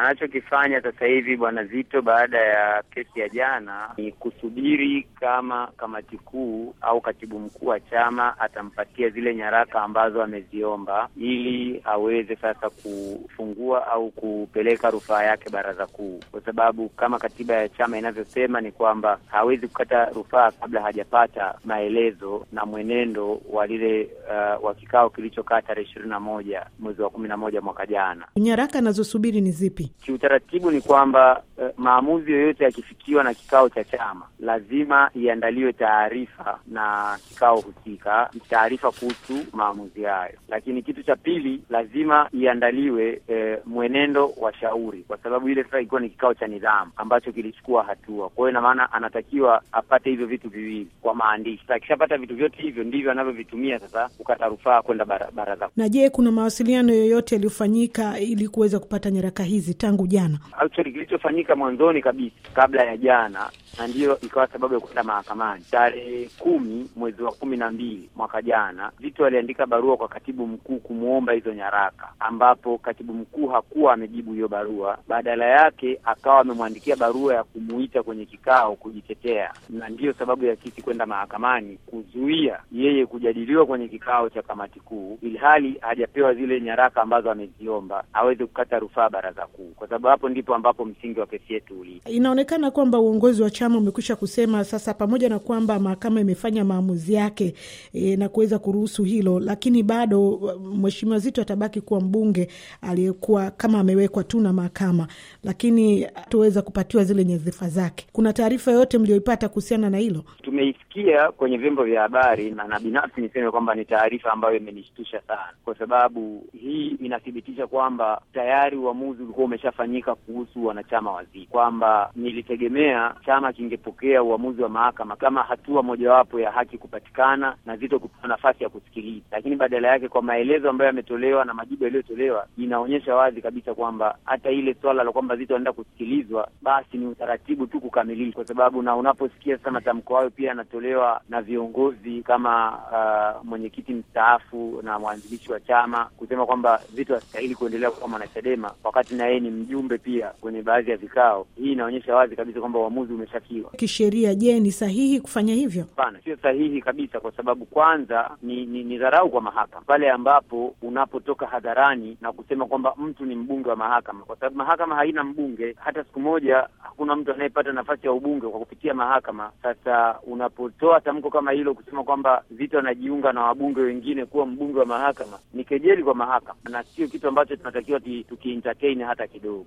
Anachokifanya sasa hivi Bwana Zito baada ya kesi ya jana ni kusubiri kama kamati kuu au katibu mkuu wa chama atampatia zile nyaraka ambazo ameziomba ili aweze sasa kufungua au kupeleka rufaa yake baraza kuu, kwa sababu kama katiba ya chama inavyosema ni kwamba hawezi kukata rufaa kabla hajapata maelezo na mwenendo wa lile uh, wa kikao kilichokaa tarehe ishirini na moja mwezi wa kumi na moja mwaka jana. Nyaraka anazosubiri ni zipi? Kiutaratibu ni kwamba uh, maamuzi yoyote yakifikiwa na kikao cha chama lazima iandaliwe taarifa na kikao husika, taarifa kuhusu maamuzi hayo. Lakini kitu cha pili, lazima iandaliwe e, mwenendo wa shauri, kwa sababu ile sasa ilikuwa ni kikao cha nidhamu ambacho kilichukua hatua. Kwa hiyo ina maana anatakiwa apate hivyo vitu viwili kwa maandishi. Akishapata vitu vyote hivyo, ndivyo anavyovitumia sasa kukata rufaa kwenda baraza. Na je, kuna mawasiliano yoyote yaliyofanyika ili kuweza kupata nyaraka hizi tangu jana? Actually kilichofanyika mwanzoni kabisa kabla ya jana, na ndiyo ikawa sababu ya kwenda mahakamani. Tarehe kumi mwezi wa kumi na mbili mwaka jana, vitu aliandika barua kwa katibu mkuu kumwomba hizo nyaraka, ambapo katibu mkuu hakuwa amejibu hiyo barua. Badala yake akawa amemwandikia barua ya kumuita kwenye kikao kujitetea, na ndiyo sababu ya sisi kwenda mahakamani kuzuia yeye kujadiliwa kwenye kikao cha kamati kuu, ilhali hajapewa zile nyaraka ambazo ameziomba aweze kukata rufaa baraza kuu, kwa sababu hapo ndipo ambapo msingi wa kesi yetu ulipo. Inaonekana kwamba uongozi wa chama umekwisha kusema sasa, pamoja na kwamba mahakama imefanya maamuzi yake e, na kuweza kuruhusu hilo, lakini bado uh, mheshimiwa Zito atabaki kuwa mbunge aliyekuwa kama amewekwa tu na mahakama, lakini hatoweza kupatiwa zile nyadhifa zake. Kuna taarifa yoyote mlioipata kuhusiana na hilo? Tumeisikia kwenye vyombo vya habari na binafsi niseme kwamba ni taarifa ambayo imenishtusha sana, kwa sababu hii inathibitisha kwamba tayari uamuzi ulikuwa umeshafanyika kuhusu wanachama wa Zito kwamba nilitegemea chama kingepokea uamuzi wa mahakama kama hatua mojawapo ya haki kupatikana na Zito kupewa nafasi ya kusikiliza, lakini badala yake kwa maelezo ambayo yametolewa na majibu yaliyotolewa inaonyesha wazi kabisa kwamba hata ile swala la kwamba Zito anaenda kusikilizwa basi ni utaratibu tu kukamilika, kwa sababu na unaposikia sasa matamko hayo pia yanatolewa na viongozi kama uh, mwenyekiti mstaafu na mwanzilishi wa chama kusema kwamba Zito hastahili kuendelea kuwa mwanachadema, wakati na yeye ni mjumbe pia kwenye baadhi ya vikao yao. Hii inaonyesha wazi kabisa kwamba uamuzi umeshakiwa kisheria. Je, ni sahihi kufanya hivyo? Hapana, sio sahihi kabisa, kwa sababu kwanza ni, ni, ni dharau kwa mahakama pale ambapo unapotoka hadharani na kusema kwamba mtu ni mbunge wa mahakama, kwa sababu mahakama haina mbunge. Hata siku moja hakuna mtu anayepata nafasi ya ubunge kwa kupitia mahakama. Sasa unapotoa tamko kama hilo kusema kwamba Zito anajiunga na wabunge wengine kuwa mbunge wa mahakama, ni kejeli kwa mahakama na sio kitu ambacho tunatakiwa tuki hata kidogo.